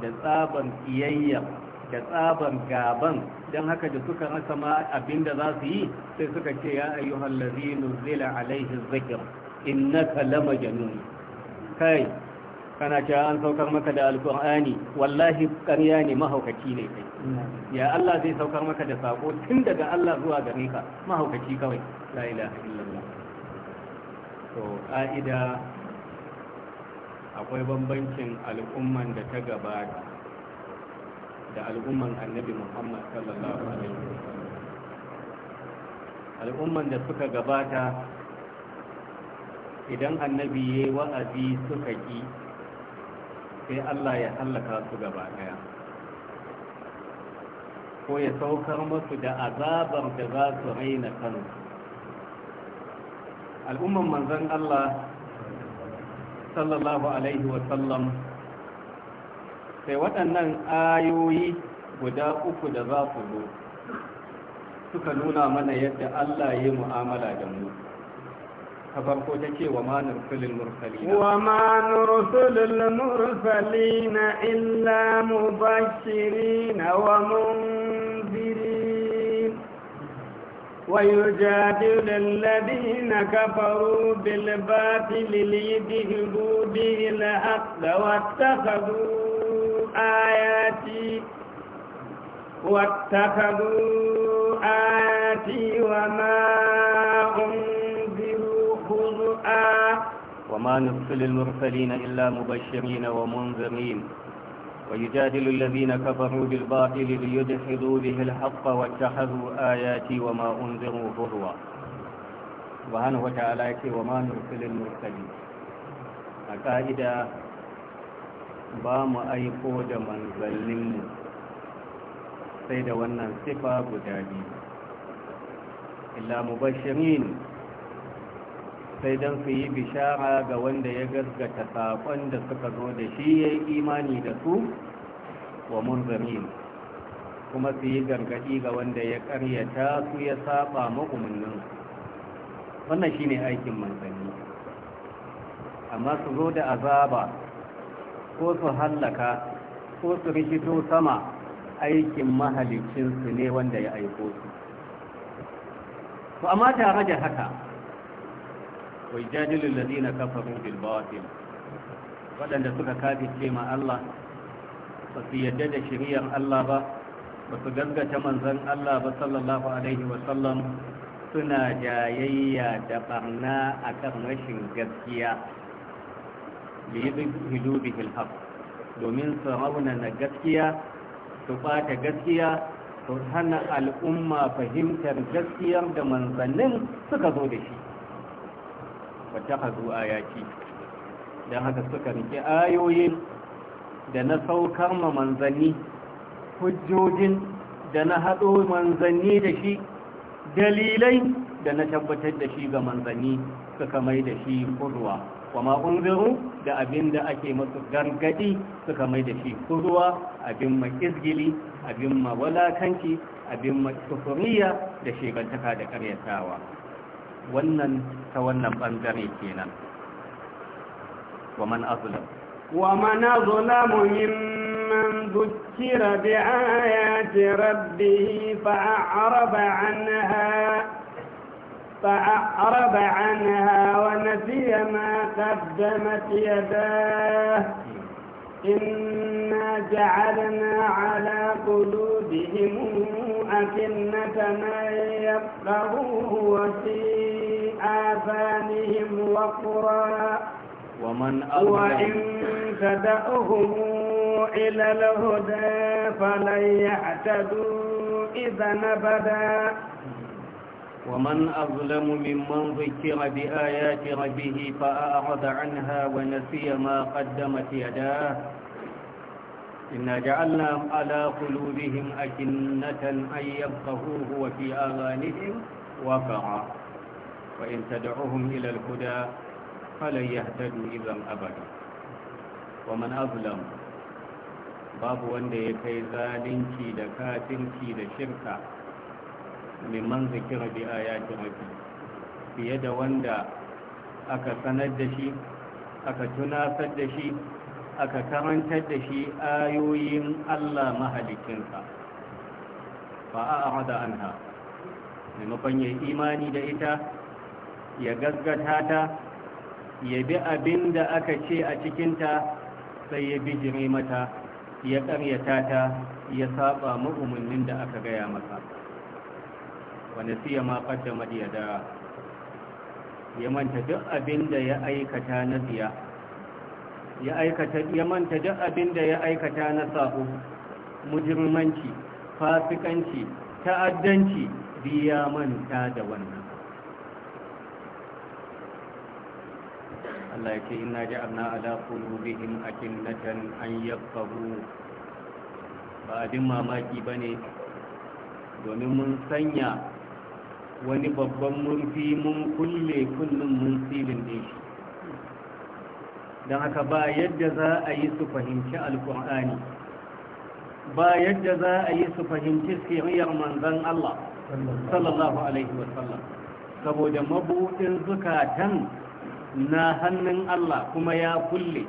da tsaban iyayya da tsaban gaban don haka da suka rasa ma abin da za su yi sai suka ce ya ayyuhal ladhi nuzila alaihi zikr innaka lamajnun kai kana cewa an saukar maka da alkur'ani wallahi ƙarya ne mahaukaci ne kai ya Allah zai saukar maka da sako tun daga Allah zuwa gare ka mahaukaci kawai la ilaha illallah to ƙa'ida akwai bambancin al'umman da ta gabata da al'umman annabi Muhammad sallallahu alaihi wasallam al'umman da suka gabata idan annabi ya yi wa'azi suka ƙi sai Allah ya hallaka su gaba daya ko ya saukar musu da azabar da za su raina kansu al'umman manzan Allah sallallahu alaihi sallam sai waɗannan ayoyi guda uku da za su zo suka nuna mana yadda Allah ya mu'amala da mu تفرقوا تكي وما نرسل المرسلين وما نرسل المرسلين إلا مبشرين ومنذرين ويجادل الذين كفروا بالباطل ليذهبوا به الحق واتخذوا آياتي واتخذوا آياتي وما وما نرسل المرسلين إلا مبشرين ومنذرين ويجادل الذين كفروا بالباطل ليدحضوا به الحق واتخذوا آياتي وما أنذروا هروا سبحانه وتعالى وما نرسل المرسلين أكائدا بام أي aiko من ظلم sai ونن wannan sifa إلا مبشرين sai don su yi bishara ga wanda ya gaskata saƙon da suka zo da shi ya yi imani da su wa munzamin kuma su yi gargaɗi ga wanda ya ƙaryata su ya saba makumannin wannan shi ne aikin manzanni amma su zo da azaba ko su hallaka ko su rikito sama aikin mahalicinsu ne wanda ya aiko su amma tare da haka wai jadilul ladina kafaru bil batil waɗanda suka kafice ma Allah ba su yadda da shiriyar Allah ba ba su gaskata manzan Allah ba sallallahu alaihi wa sallam suna jayayya da barna akan rashin gaskiya li yudhilu bihi domin su raunana gaskiya su ɓata gaskiya su hana al'umma fahimtar gaskiyar da manzannin suka zo da shi fatahazu ayati dan haka suka rike ayoyin da na saukar ma manzanni hujjojin da na haɗo manzanni da shi dalilai da na tabbatar da shi ga manzanni suka mai da shi kuzuwa kuma unziru da abin da ake masu gargadi suka mai da shi kuzuwa abin makizgili abin ma walakanci abin makufuriya da shekantaka da ƙaryatawa wannan ta wannan bangare kenan wa man azlam wa man azlamu mimman dhukkira bi ayati rabbih a'raba anha fa a'raba anha wa nasiya ma qaddamat يداه إنا جعلنا على قلوبهم أكنة من يفقهوه وفي آذانهم وقرا ومن أظلم وإن تدعهم إلى الهدى فلن يعتدوا إذا أبدا ومن أظلم ممن ذكر بآيات ربه فأعرض عنها ونسي ما قدمت يداه إنا جعلنا على قلوبهم أكنة أن يبقهوه وفي آذانهم وقرا فإن تدعوهم إلى الهدى فلن يهتدوا إذا أبدا ومن أظلم باب وند يكي ذالنكي دكاتنكي دشركة ممن ذكر بآيات ربي بيد وند aka sanar da shi aka tunasar da shi aka karantar da shi ayoyin Allah mahalikinsa ba a arada anha maimakon ya imani da ita ya gaggata ta ya bi abin da aka ce a cikinta sai ya bijire mata ya karyata ta ya saba ma'umannin da aka gaya masa Wani siya ma kaddamar ya ya manta duk abin da ya aikata na biya ya manta duk abin da ya aikata na sabo mujirmanci fasikanci ta'addanci biya manta da wannan Allah ya ce inna ja'alna ala qulubihim akinnatan an yafqahu ba abin mamaki bane domin mun sanya wani babban murfi mun kulle kullum mun silin ne shi don haka ba yadda za a yi su fahimci alkur'ani ba yadda za a yi su fahimci siriyar manzan Allah sallallahu alaihi wasallam saboda mabuɗin zukatan na hannun Allah kuma ya kulle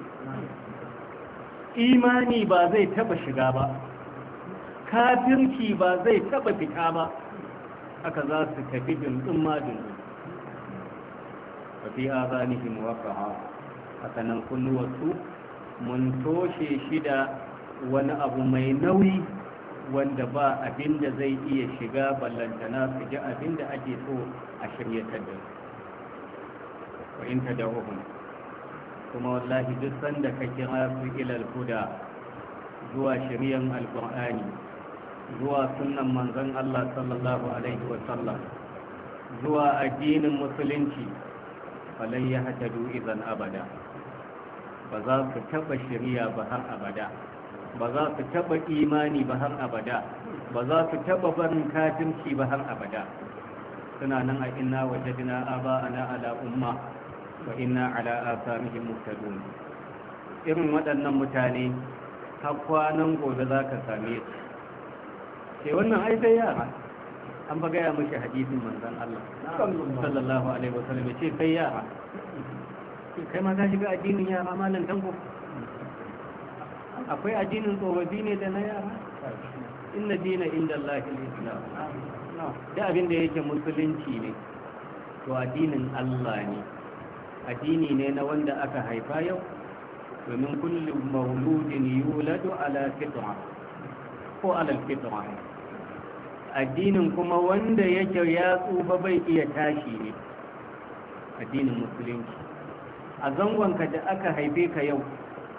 imani ba zai taba shiga ba kafirci ba zai taba fita ba aka za su tafi dindin majin ba fi azanihim waqa'a aka nan kunnuwarsu mun toshe shida wani abu mai nauyi wanda ba abinda zai iya shiga ballantana su ji abinda ake so a shiryatar da su wa in tad'uhum kuma wallahi duk sanda ka kira su ilal huda zuwa shari'an alqur'ani zuwa sunnan manzon Allah sallallahu alaihi wa sallam zuwa addinin musulunci falan yahtadu idan abada ba za su ba har abada ba za su taba imani ba har abada ba za su taba barin kafinci ba har abada suna nan a ina wajadina aba ana ala umma wa inna ala asamihim muhtadun irin waɗannan mutane har kwanan gobe za ka same su ke wannan ai sai yara an ba gaya mashi hadisin manzon Allah sallallahu alaihi wasallam ce sai yara kai ma za shiga addinin yara malam tango akwai addinin tsofaffi ne da na yara inna dina inda Allah islam da abin da yake musulunci ne to addinin Allah ne addini ne na wanda aka haifa yau domin kullum mauludin yuladu ala fitra ko ala fitra addinin kuma wanda yake ya tsufa bai iya tashi ne addinin musulunci a zangonka da aka haife ka yau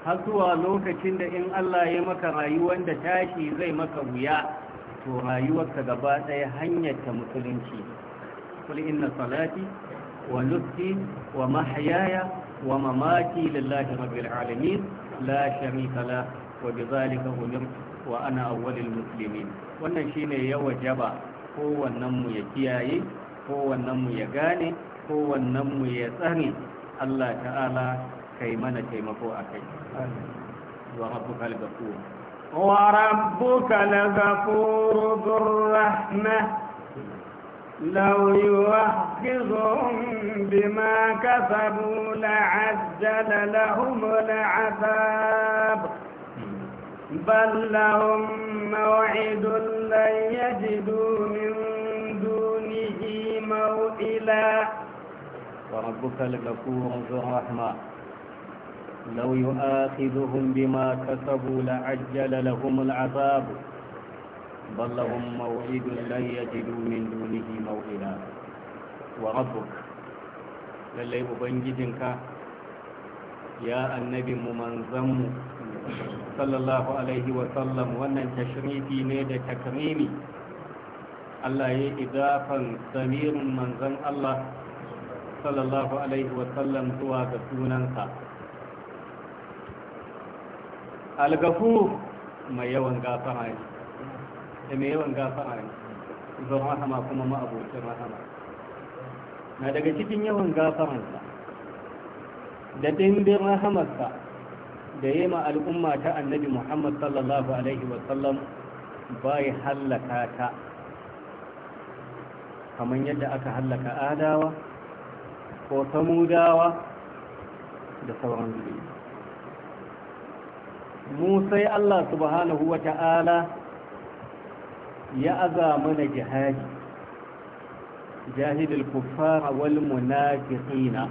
har zuwa lokacin da in Allah ya maka rayuwar da tashi zai maka wuya to rayuwarka gaba ɗaya hanyar ta musulunci kul inna salati ونفسي ومحياي ومماتي لله رب العالمين لا شريك له وبذلك أمرت وأنا أول المسلمين wannan shine ya wajaba kowannenmu ya kiyaye kowannenmu ya gane kowannenmu ya tsare Allah ta'ala kai mana taimako a kai wa rabbukal ghafur wa لو يوحظهم بما كسبوا لعجل لهم العذاب بل لهم موعد لن يجدوا من دونه موئلا وربك الغفور ذو الرحمة لو يؤاخذهم بما كسبوا لعجل لهم العذاب بل لهم موعد لن يجدوا من دونه موئلا وربك lallai ubangijinka ya annabin mu manzanmu sallallahu alaihi wasallam wannan tashrifi ne da takrimi Allah ya idafan samirin manzan Allah sallallahu alaihi wasallam zuwa ga sunansa algafu mai yawan gafara ne da mai yawan gafara ne zan rahama kuma ma'abocin rahama na daga cikin yawan gafaransa da dimbin rahamarsa da yi ma al'umma ta annabi muhammad sallallahu alaihi wasallam bai hallaka ta kamar yadda aka hallaka adawa ko samudawa da sauran zuri musai allah subhanahu wa ta'ala ya aza mana jihadi jahidul kuffara wal munafiqina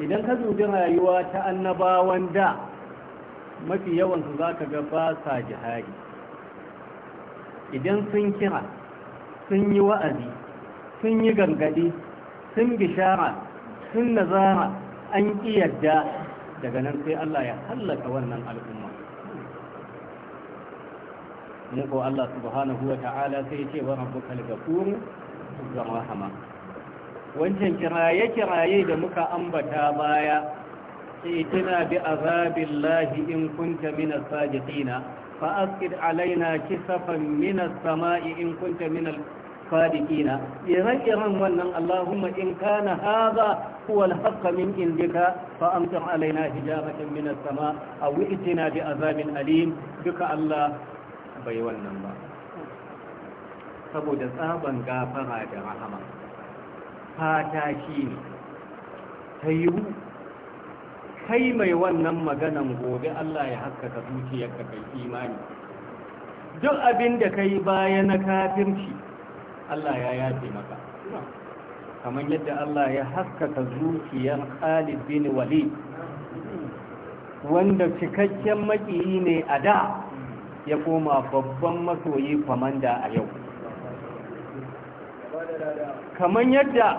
idan ka dubi rayuwa ta annabawan da mafi yawan su zaka ga ba sa jihadi idan sun kira sun yi wa'azi sun yi gargadi sun bishara sun nazara an ƙi yadda daga nan sai Allah ya hallaka wannan al'umma muku Allah subhanahu wa ta'ala sai ce wa rabbukal ghafur rahama wancan kiraye kiraye da muka ambata baya sai tana bi azabillahi in kunta min as-sadiqina fa asqid alaina kisafan min as-sama'i in kunta min al-sadiqina ire-iren wannan Allahumma in kana hadha هو الحق من عندك فأمطر علينا حجارة من السماء أو ائتنا بعذاب أليم duka Allah. bai wannan ba saboda tsaban gafara da rahama fata shi ne ta yiwu kai mai wannan maganan gobe Allah ya haskaka zuciyarka kai imani duk abinda da kai baya na kafirci Allah ya yafe maka kamar yadda Allah ya haskaka zuciyar Khalid bin Walid wanda cikakken maƙiyi ne a da ya koma babban masoyi kwamanda a yau kamar yadda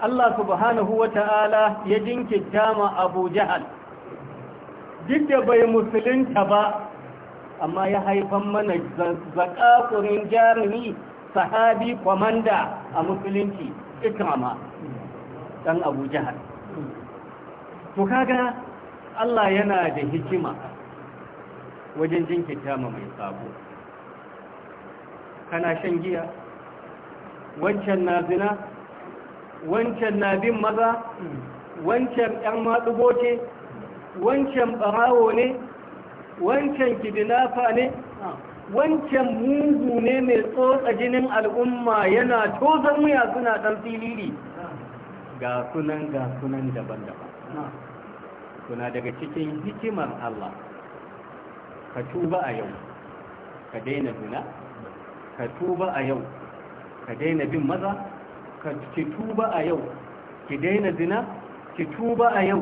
Allah subhanahu wa ta'ala ya jinkita ma abu duk da bai musulunta ba amma ya haifan mana zakakurin jarumi sahabi kwamanda a musulunci ikrama dan abu jahal to kaga Allah yana da hikima wajen jinkinta ma mai sabo kana shan giya wancan na zina wancan na bin maza wancan ɗan matsugo ce wancan ɓarawo ne wancan kidinafa ne wancan mugu ne mai tsotsa jinin al'umma yana tozon wuya suna ɗan filili ga sunan ga sunan daban-daban suna daga cikin hikimar Allah ka tuba a yau ka daina zina ka tuba a yau ka daina bin maza ki tuba a yau ki daina zina ki tuba a yau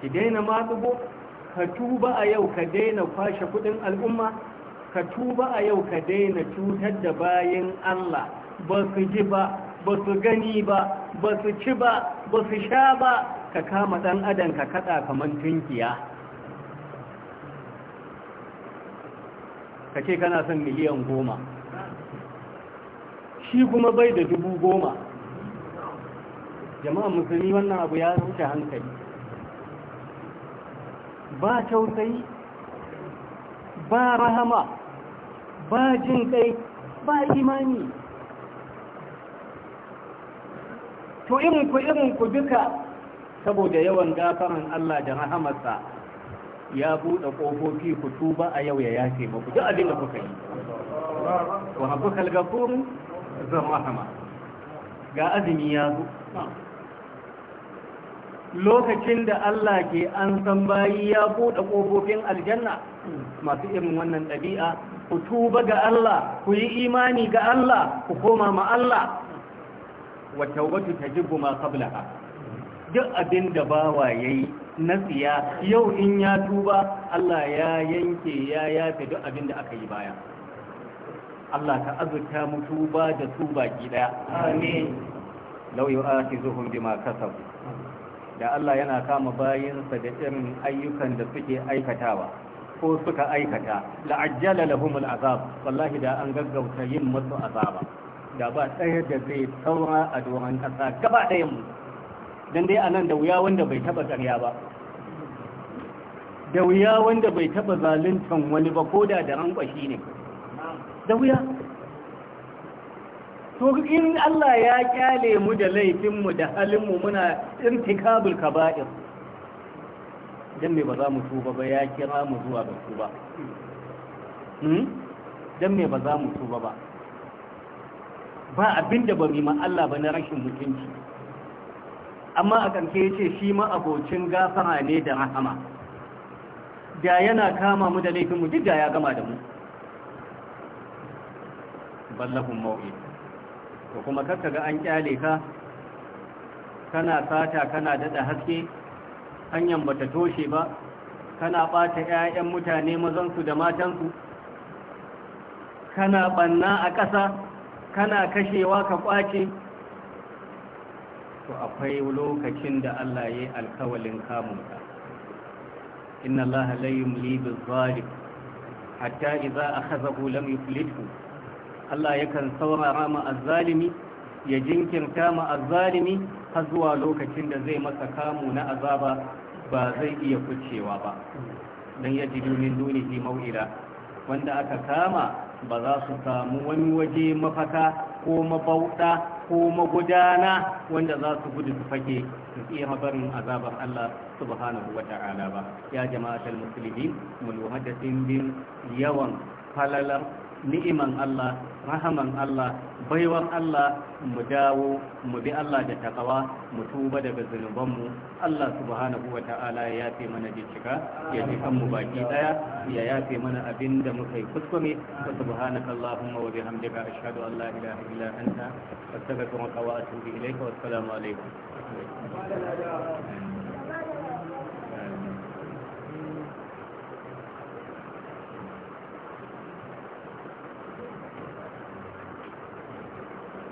ki daina matsugo ka tuba a yau ka daina kwashe kudin al'umma ka tuba a yau ka daina cutar da bayan Allah ba su ji ba ba su gani ba ba su ci ba ba su sha ba ka kama dan adam ka kada kaman tunkiya ka ce kana son miliyan goma shi kuma bai da dubu goma jama'a musulmi wannan abu ya wuce hankali ba tausayi ba rahama ba jin kai ba imani to irin ku irin ku duka saboda yawan gafaran Allah da rahamarsa ya buɗe ƙofofi ku tuba a yau ya yace muku duk abin da kuka yi wa rabbuka al-ghafur rahama ga azumi ya zo lokacin da Allah ke an san bayi ya buɗe ƙofofin aljanna masu irin wannan ɗabi'a ku tuba ga Allah ku yi imani ga Allah ku koma ma Allah wa tawbatu tajibu ma qablaha duk abin da bawa yayi na tsiya yau in ya tuba Allah ya yanke ya yafe duk abin da aka yi baya Allah ka azurta mu tuba da tuba ki daya amin law yu'akizuhum bima kasabu da Allah yana kama bayinsa da irin ayyukan da suke aikatawa ko suka aikata la'ajjala lahumul azab wallahi da an gaggauta yin musu azaba da ba ɗaya da zai saura a doron ƙasa gaba ɗayan mu dan dai anan da wuya wanda bai taba ƙarya ba da wuya wanda bai taba zaluntan wani ba ko da da kwashi ne da wuya to in Allah ya kyale mu da laifinmu da halinmu muna irtikabul kaba'ir dan me ba za mu tuba ba ya kira mu zuwa ga tuba hmm dan me ba za mu tuba ba ba abinda ba mu ma Allah ba na rashin mutunci amma a ya yace shi ma abocin gafara ne da rahama da yana kama mu da laifinmu duk da ya gama da mu ballahun mau'id to kuma kakka ga an kyale ka kana sata kana dada haske hanyar bata toshe ba kana bata 'ya'yan mutane mazansu da matansu kana banna a ƙasa kana kashewa ka kwace to akwai lokacin da Allah ya yi alkawalin kamunka إن الله لا يملي بالظالم حتى إذا أخذه لم يفلته الله يكن ثورة رام الظالم يجنكر كام الظالمي هزوى لوك لوكة زي مسكام أذابا بازي يفتشي شوابا لن يجد من دونه موئلا wanda aka kama ba za ونوجي samu wani ko magudana wanda za su gudu su fake su iya barin azabar Allah subhanahu wa ta'ala ba ya jama'atul muslimin mu lura da yawan falalar ni'iman Allah rahaman Allah baiwan Allah mu dawo mu bi Allah da takawa mu tuba daga zunubanmu Allah subhanahu wa ta'ala ya yafe mana jicika ya ji kanmu baki daya ya yafe mana abin da muka yi kuskure wa subhanaka allahumma wa bihamdika ashhadu an la ilaha illa anta astaghfiruka wa atubu ilayka wa assalamu alaikum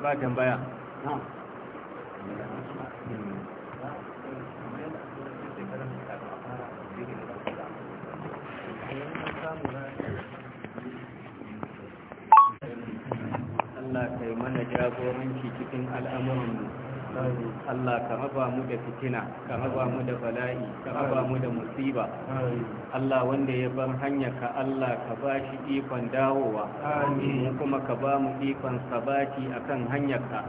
ba tambaya Allah kai mana jagoranci cikin al'amuranmu Allah ka raba mu da fitina ka raba mu da bala'i ka raba mu da musiba Allah wanda ya bar hanya ka Allah ka ba shi ikon dawowa mu kuma ka ba mu ikon sabaki akan hanyar ka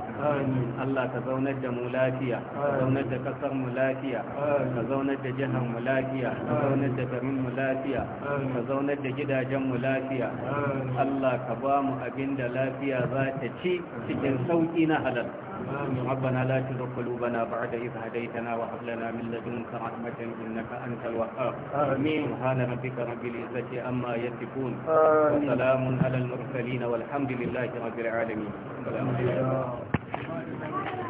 Allah ka zaunar da mu lafiya ka zaunar da kasar mu lafiya ka zaunar da jihar mu lafiya ka zaunar da garin mu lafiya ka zaunar da gidajen mu lafiya Allah ka ba mu abin da lafiya za ta ci cikin sauki na halal ربنا لا تزغ قلوبنا بعد إذ هديتنا وهب لنا من لدنك رحمة إنك أنت الوهاب آمين سبحان ربك رب العزة عما يصفون وسلام على المرسلين والحمد لله رب العالمين السلام عليكم